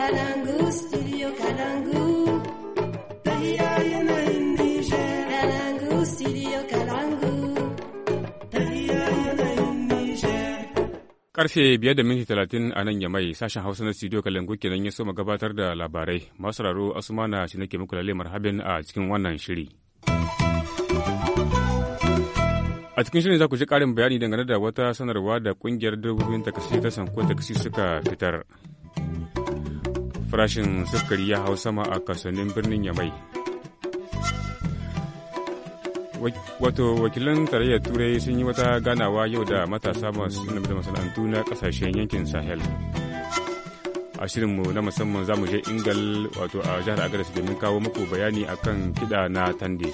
Kalangu, studio Kalangu. yanayin Kalangu, studio Kalangu. yanayin Karfe biyar da minti talatin a nan yamai sashen Hausa na studio Kalangu kenan ya soma gabatar da labarai. Masu raro Asumana shi nake muku lalle marhabin a cikin wannan shiri. a cikin shirin za ku ji karin bayani dangane da wata sanarwa da kungiyar dabbobin takasi ta sanko takasi suka fitar Farashin sukari ya hau sama a kasuwannin birnin Yamai. Wato wakilan tarayyar Turai sun yi wata ganawa yau da matasa masu da masana'antu na kasashen yankin Sahel. A shirinmu na musamman za mu je Ingal wato a jihar Agadas domin kawo muku bayani akan kiɗa na Tande.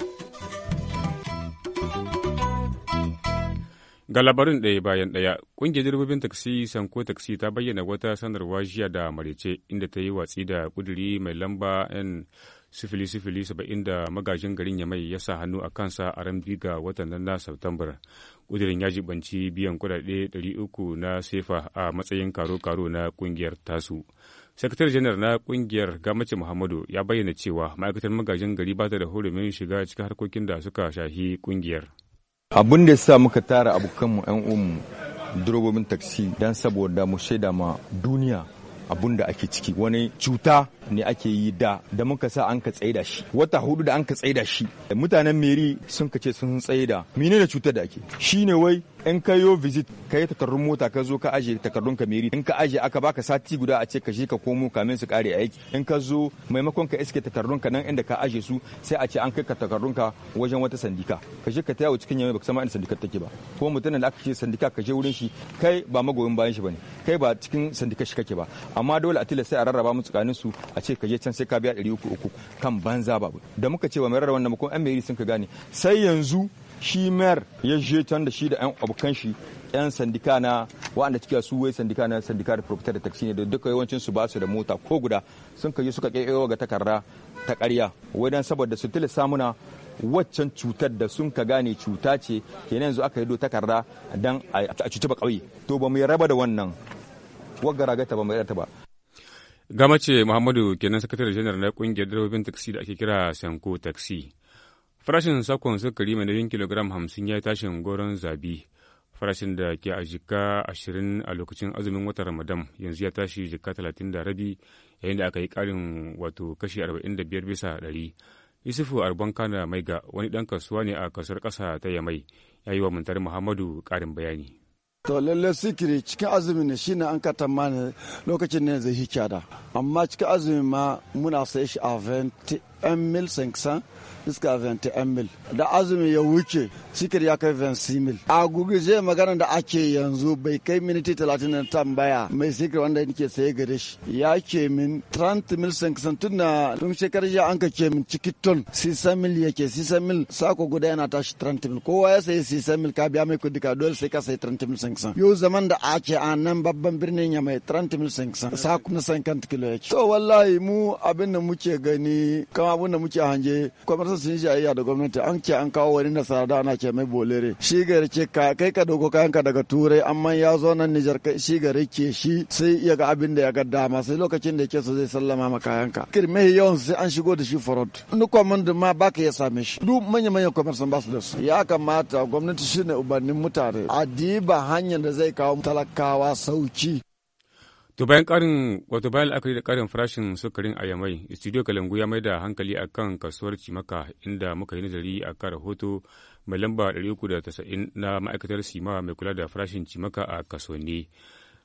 Ga labarin ɗaya bayan ɗaya, ƙungiyar direbobin taksi Sanko Taksi ta bayyana wata sanarwa jiya da marece inda ta yi watsi da ƙuduri mai lamba N sifili sifili saba'in da magajin garin ya ya sa hannu a kansa a ran ga watan nan na Satumbar. Ƙudurin ya jibanci biyan kuɗaɗe ɗari uku na sefa a matsayin karo-karo na ƙungiyar tasu. Sakatar janar na kungiyar Gamace Muhammadu ya bayyana cewa ma'aikatar magajin gari ba ta da hurumin shiga cikin harkokin da suka shahi ƙungiyar. abin da ya sa muka tara abokanmu 'yan uwanmu durobobin taksi don saboda mu shaida ma duniya abun da ake ciki wani cuta ne ake yi da da muka sa an ka tsaida shi wata hudu da an ka tsaida shi mutanen meri sun ka ce sun tsaida menene cutar da ake ne wai in ka yo visit ka yi takardun mota ka zo ka aje takardun ka meri in ka aje aka baka sati guda a ce ka je ka komo kamin su kare aiki in ka zo maimakon ka iske takardun ka nan inda ka aje su sai a ce an kai ka takardun ka wajen wata sandika ka je ka taya wa cikin yamma baka san inda sandikar take ba ko mutanen da aka ce sandika ka je wurin shi kai ba magoyin bayan shi bane kai ba cikin sandikar shi kake ba amma dole a tilla sai a rarraba mu tsakanin su a ce ka je can sai ka biya 300 kan banza babu da muka ce ba mai rarraba wannan ba an meri sun ka gane sai yanzu shi mayar ya je da shi da yan abokan shi yan sandika na waɗanda cike su wai sandika na sandika da profitar da taxi ne da duka yawancin su ba su da mota ko guda sun kai suka kai ga takarda ta karya wai dan saboda su tilasta muna waccan cutar da sun ka gane cuta ce kenan yanzu aka yi do takarda dan a cuci ba ƙauye to ba mu raba da wannan wagga ragata ba mu yarda ba gama ce muhammadu kenan sakatare janar na kungiyar direbobin taxi da ake kira sanko taxi. Farashin sakon sukari mai nauyin kilogram hamsin ya tashin goron zabi. Farashin da ke a jika ashirin a lokacin azumin watan Ramadan yanzu ya tashi jika talatin da rabi yayin da aka yi karin wato kashi arba'in da biyar bisa ɗari. Yusufu Arbanka da Maiga wani dan kasuwa ne a kasar ƙasa ta Yamai ya yi wa muntar Muhammadu ƙarin bayani. to lalle sikiri cikin azumi ne shine an ka tamani lokacin ne zai da amma cikin azumi ma muna sai shi a 1 mil 500 iska 21 mil da azumi ya wuce sikir ya kai 26 mil a guguje magana da ake yanzu bai kai miniti 30 na tambaya mai sikir wanda yake saye gare shi ya ke min 30 mil 500 tun na tun shekarar jiya an ka ke min ciki ton 600 mil yake 600 mil sako guda yana tashi 30 mil kowa ya sayi 600 mil ka biya mai kudi ka dole sai ka sayi 30 mil 500 yau zaman da ake a nan babban birnin ya mai 30 mil 500 sako na 50 kilo yake to wallahi mu abin da muke gani kan dama abun da muke hange kwamarsa sun yi jayayya da gwamnati an ce an kawo wani nasara da ana ce mai bolere shi gari ce ka kai ka dogo kayanka daga turai amma ya zo nan nijar kai shi gari ke shi sai ya ga abin da ya ga dama sai lokacin da yake so zai sallama ma kayanka kirme yawan sai an shigo da shi farod nukwamin da ma baka ya same shi duk manya manyan kwamarsan ba su da su ya kamata gwamnati shi ne ubannin mutane a diba hanyar da zai kawo talakawa sauki To bayan karin wato bayan la'akari da karin farashin sukarin a Yamai, Studio Kalangu ya mai da hankali akan kasuwar Cimaka inda muka yi nazari a kan rahoto mai lamba 390 na ma'aikatar Sima mai kula da farashin Cimaka a kasuwanni.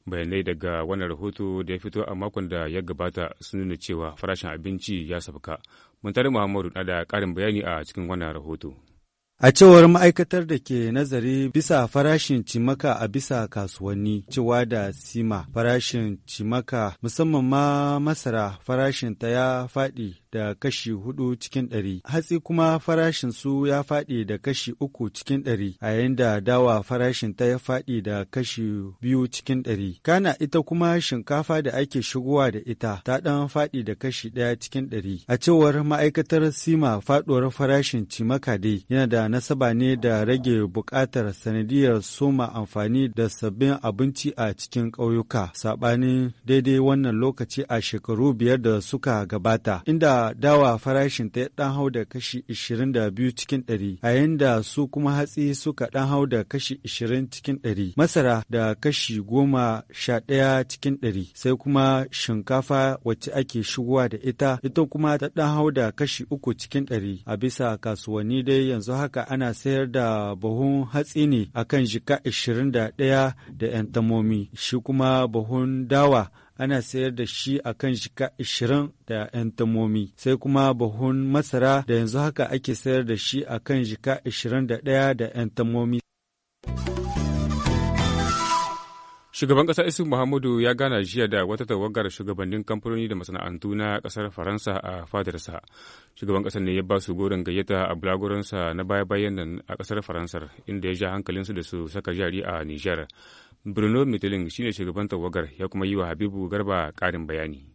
Bayanai daga wannan rahoto da ya fito a makon da ya gabata sun nuna cewa farashin abinci ya sauka. tare Muhammadu na da karin bayani a cikin wannan rahoto. A cewar ma'aikatar da ke nazari bisa farashin cimaka a bisa kasuwanni cewa da sima farashin cimaka musamman ma masara farashin ta ya faɗi da kashi hudu cikin ɗari. Hatsi kuma farashin su ya faɗi da kashi uku cikin ɗari, a yayin da dawa farashin ta ya faɗi da kashi biyu cikin ɗari. Kana ita kuma shinkafa da ake shigowa da ita ta ɗan faɗi da kashi ɗaya cikin ɗari. A cewar ma'aikatar Sima faɗuwar farashin cimaka dai yana da nasaba ne da rage buƙatar sanadiyar soma amfani da sabbin abinci a cikin ƙauyuka, saɓanin daidai wannan lokaci a shekaru biyar da suka gabata, inda dawa farashin ta ɗan hau da kashi 22 cikin 100 a yanda su kuma hatsi suka ɗan hau da kashi 20 cikin 100 masara da kashi 11 cikin 100 sai kuma shinkafa wacce ake shigowa da ita ita kuma ta ɗan hau da kashi 3 cikin 100 a bisa kasuwanni dai yanzu haka ana sayar da buhun hatsi ne akan jika 21 da 'yan tamomi shi kuma buhun dawa ana sayar da shi a kan shika 20 da 'yan tamomi sai kuma buhun masara da yanzu haka ake sayar da shi a kan shika 21 da 'yan tamomi. Shugaban ƙasa Isu Muhammadu ya gana jiya da wata tawagar shugabannin kamfanoni da masana'antu na ƙasar Faransa a fadarsa. Shugaban ƙasar ne ya ba su goron gayyata a bulaguransa na baya-bayan nan a ƙasar Faransar inda ya ja hankalinsu da su saka jari a Nijar. Bruno shi shine shugaban tawagar ya kuma yi wa Habibu Garba ƙarin bayani.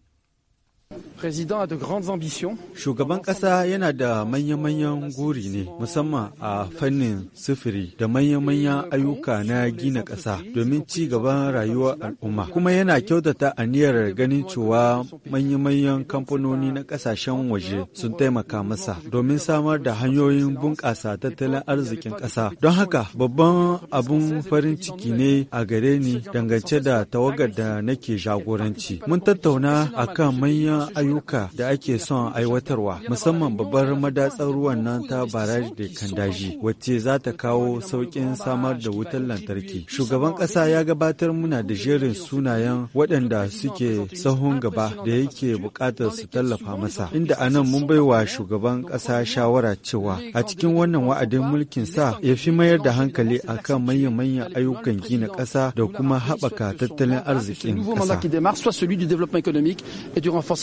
Shugaban ƙasa yana da manya-manyan guri ne musamman a fannin sufuri da manya-manyan ayyuka na gina ƙasa domin ci gaban rayuwar al'umma. Kuma yana kyautata aniyar ganin cewa manya-manyan kamfanoni na ƙasashen waje sun taimaka masa domin samar da hanyoyin bunƙasa tattalin arzikin ƙasa. Don haka babban abun farin ciki ne a gare ni dangance da tawagar da nake jagoranci. Mun tattauna akan manyan manyan ayyuka da ake son aiwatarwa musamman babbar madatsar ruwan nan ta baraj da kandaji wacce za ta kawo sauƙin samar da wutar lantarki shugaban ƙasa ya gabatar muna da jerin sunayen waɗanda suke sahun gaba da yake buƙatar su tallafa masa inda anan mun mun baiwa shugaban ƙasa shawara cewa a cikin wannan wa'adin mulkin sa ya fi mayar da hankali akan manya-manyan ayyukan gina ƙasa da kuma haɓaka tattalin arzikin ƙasa.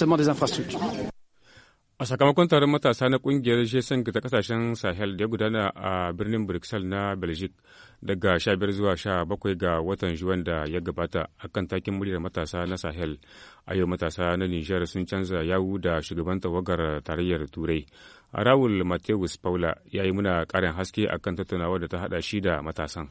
renforcement des infrastructures. A sakamakon taron matasa na kungiyar jesan ta kasashen Sahel da ya gudana a birnin Brussels na Belgique daga 15 zuwa 17 ga watan Juwan da ya gabata a kan takin muryar matasa na Sahel. A yau matasa na Nijar sun canza yawu da shugaban tawagar tarayyar Turai. Raul Mateus Paula ya yi muna ƙarin haske akan tattaunawa da ta hada shi da matasan.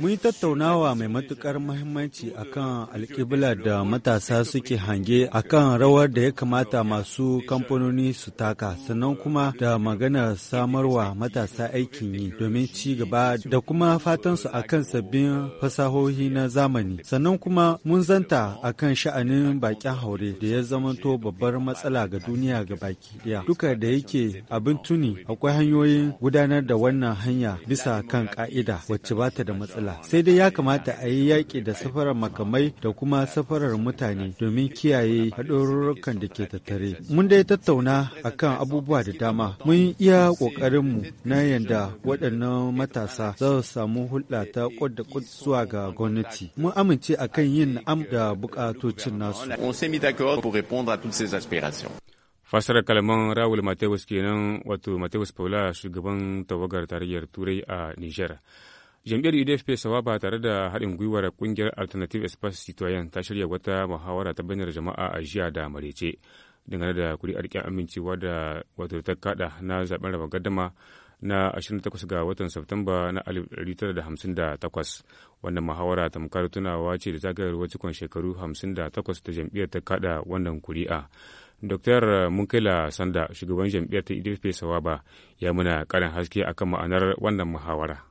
Mun yi tattaunawa mai matukar mahimmanci akan alkibla da matasa suke hange akan rawar da ya kamata masu kamfanoni su taka sannan kuma da maganar samarwa matasa aikin yi domin ci gaba da kuma fatansu a kan sabbin fasahohi na zamani sannan kuma mun zanta akan sha'anin baƙin haure da ya zamanto babbar matsala ga duniya ga baki ɗaya duka da yake abin tuni akwai hanyoyin gudanar da wannan hanya bisa kan ka'ida wacce ba ta da matsala. Sai dai ya kamata a yi yaƙi da safarar makamai da kuma safarar mutane domin kiyaye haɗarurrukan da ke tattare. Mun dai tattauna akan abubuwa da dama. Mun iya mu na yadda waɗannan matasa za su samu hulɗa ta da zuwa ga gwamnati. Mun amince akan yin am da buƙatocin nasu. fasarar kalaman rawul mateus kenan wato mateus paula shugaban tawagar tarayyar turai a niger jam'iyyar udfp sawa ba tare da haɗin gwiwar ƙungiyar alternative espace citoyen ta shirya wata muhawara ta bayyana jama'a a jiya da marece dangane da kuri'ar ƙin amincewa da wato ta kaɗa na zaben raba gardama na 28 ga watan Satumba na 1958 wannan muhawara tamkar tunawa ce da zagayar cikon shekaru 58 da jam'iyyar ta kada wannan kuri'a Dr. Eh, Munkila Sanda, shugaban jam'iyyar ta Idris ba, ya muna karin haske akan ma'anar wannan muhawara.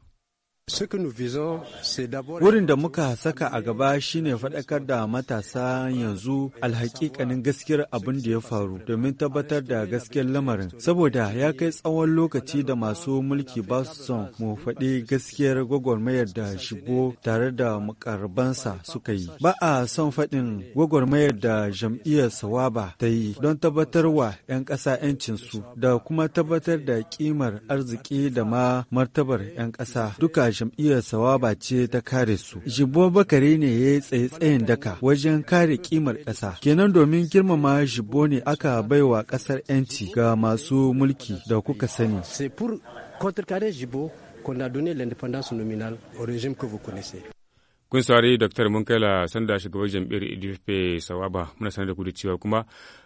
Wurin da muka saka a gaba shine faɗakar da matasa yanzu alhaƙiƙanin gaskiyar abin da ya faru domin tabbatar da gaskiyar lamarin. Saboda ya kai tsawon lokaci da masu mulki ba su son mu faɗi gaskiyar gwagwarmayar da shigo tare da mukarbansa suka yi. Ba a son faɗin gwagwarmayar da jam'iyyar Sawaba ta yi don tabbatar wa 'yan ƙasa 'yancinsu da kuma tabbatar da ƙimar arziki da ma martabar 'yan ƙasa duka jam'iyyar sawaba ce ta kare su. Jibo Bakari ne ya yi tsaye-tsayen daka wajen kare kimar ƙasa. Kenan domin girmama Jibo ne aka baiwa ƙasar 'yanci ga masu mulki da kuka sani. Kun saurari Dr. Munkala Sanda shugaban jam'iyyar IDFP Sawaba muna sanar da ku da cewa kuma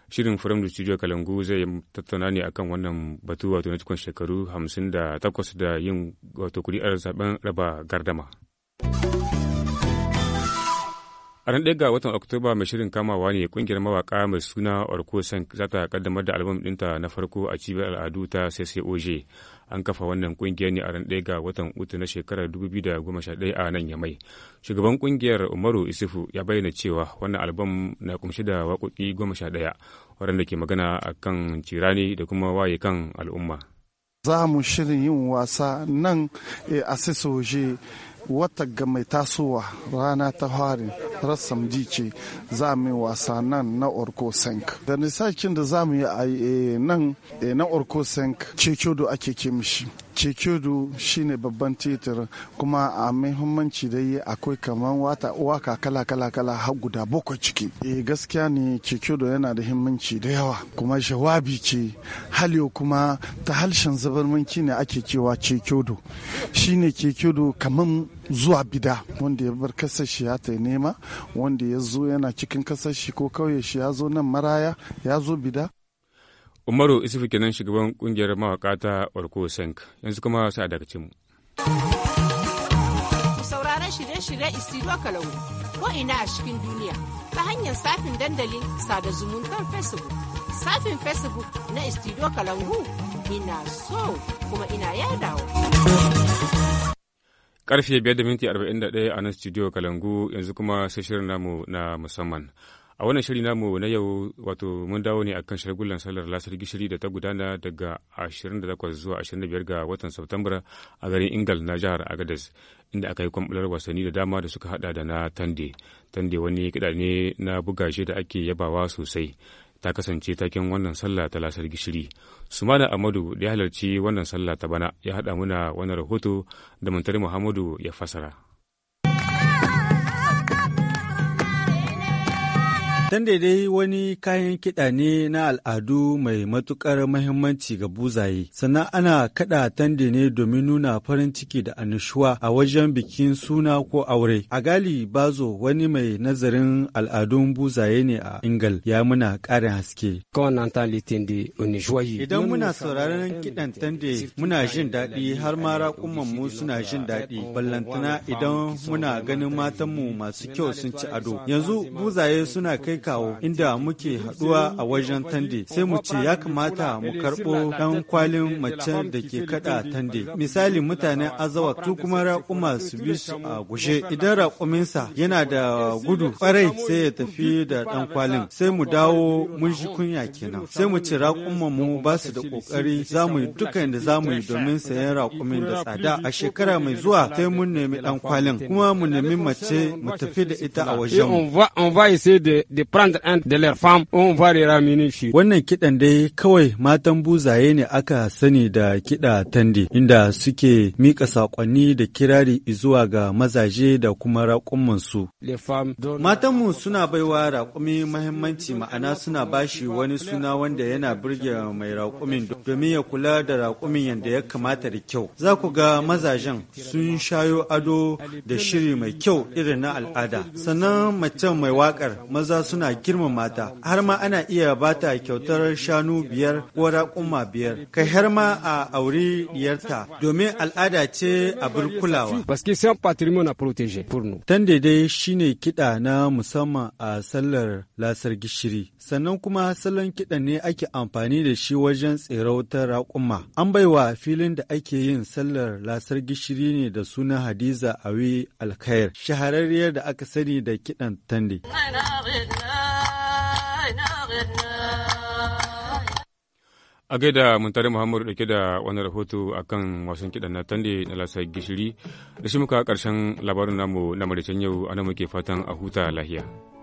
shirin Firam da Studio Kalangu zai tattauna ne akan wannan batu wato na cikon shekaru 58 da yin wato kuri'ar zaben raba gardama. A ran ga watan Oktoba mai shirin kamawa ne kungiyar mawaka mai suna Orko Sank za ta kaddamar da albam ɗinta na farko a cibiyar al'adu ta CCOJ. An kafa wannan kungiyar ne a ran ga watan Utu na shekarar 2011 a nan Yamai. Shugaban kungiyar Umaru Isufu ya bayyana cewa wannan albam na kumshi da waƙoƙi 11 waɗanda ke magana a kan cirani da kuma waye kan al'umma. Za mu shirin yin wasa nan eh, a CCOJ wata ga mai tasowa rana ta harin rassam ce za mu yi wasa nan na orko sank da nisakin da za mu yi a eh, nan eh, na orko sank do ake kemishi cekedu shine babban titir kuma a muhimmanci dai akwai kamar wata waka kala kala kala har guda bakwai ciki e gaskiya ne cekedu yana da himmanci da yawa kuma jawabi ce haliyo kuma ta harshen zabarmanci ne ake cewa cekedu shine cekedu kamar zuwa bida wanda ya bar kasashe ya ta nema wanda ya zo yana cikin kasashe ko kauye shi ya zo nan maraya ya zo bida Umaru Isufu kenan shugaban kungiyar mawaka ta Orko Senk. Yanzu kuma sai a dakace mu. Sauraron shirye-shirye Isidro Kalau ko ina a cikin duniya ta hanyar safin dandalin sada zumuntar Facebook. Safin Facebook na Isidro Kalangu ina so kuma ina yadawa. Karfe 5:41 a nan studio Kalangu yanzu kuma sai shirin namu na musamman. a wannan shiri namu na yau wato mun dawo ne akan shagulan sallar lasar gishiri da ta gudana daga 28 zuwa 25 ga watan Satumbar a garin Ingal na jihar Agadez inda aka yi kwambular wasanni da dama da suka hada da na Tande. Tande wani kiɗa ne na bugashe da ake yabawa sosai. ta kasance taken wannan sallah ta lasar gishiri sumana amadu da ya halarci wannan sallah ta bana ya hada muna wannan rahoto da muntari muhammadu ya fasara Dan daidai wani kayan kiɗa ne na al'adu mai matuƙar mahimmanci ga buzaye, sannan ana kaɗa tande ne domin nuna farin ciki da annishuwa a wajen bikin suna ko aure. A gali bazo wani mai nazarin al'adun buzaye ne a Ingal ya muna ƙarin haske. Idan muna sauraron kiɗan tande muna jin daɗi har ma raƙuman mu suna jin daɗi, ballantana idan muna ganin matanmu masu kyau sun ci ado. Yanzu buzaye suna kai kawo inda muke haɗuwa a wajen tande sai mu ce ya kamata mu karɓo dan kwalin mace da ke kaɗa tande. Misali mutanen azawa su kuma raƙuma su bi su a gushe. Idan raƙuminsa yana da gudu kwarai sai ya tafi da dan kwalin sai mu dawo mun ji kunya kenan. Sai mu ce raƙuman mu ba su da ƙoƙari za mu yi duka da za mu yi domin sayan raƙumin da tsada. A shekara mai zuwa sai mun nemi dan kwalin kuma mu nemi mace mu tafi da ita a wajen. On prendre un de leurs femmes on va les ramener chez wannan kidan dai kawai matan buzaye ne aka sani da kida tandi inda suke mika sakonni da kirari zuwa ga mazaje da kuma raƙumin su matanmu suna baiwa raƙumi muhimmanci ma'ana suna bashi wani suna wanda yana birge mai raƙumin domin ya kula da raƙumin yadda ya kamata da kyau za ku ga mazajen sun shayo ado da shiri mai kyau irin na al'ada sannan mace mai waƙar maza suna suna girma mata har ma ana iya bata kyautar shanu biyar ko raƙuma biyar ka har ma a aure diyarta domin al'ada ce a abin kulawa. Tan dai shine kiɗa na musamman a sallar lasar gishiri sannan kuma salon kiɗa ne ake amfani da shi wajen tserautar raƙuma. An baiwa filin da ake yin sallar lasar gishiri ne da suna Hadiza Awi Alkhair shahararriyar da aka sani da kiɗan tande. a gaida muntari muhammadu dauke da wani rahoto akan wasan kiɗan na tande na lasa gishiri da shi muka karshen labarin namu na maricen yau ana muke fatan a huta lahiya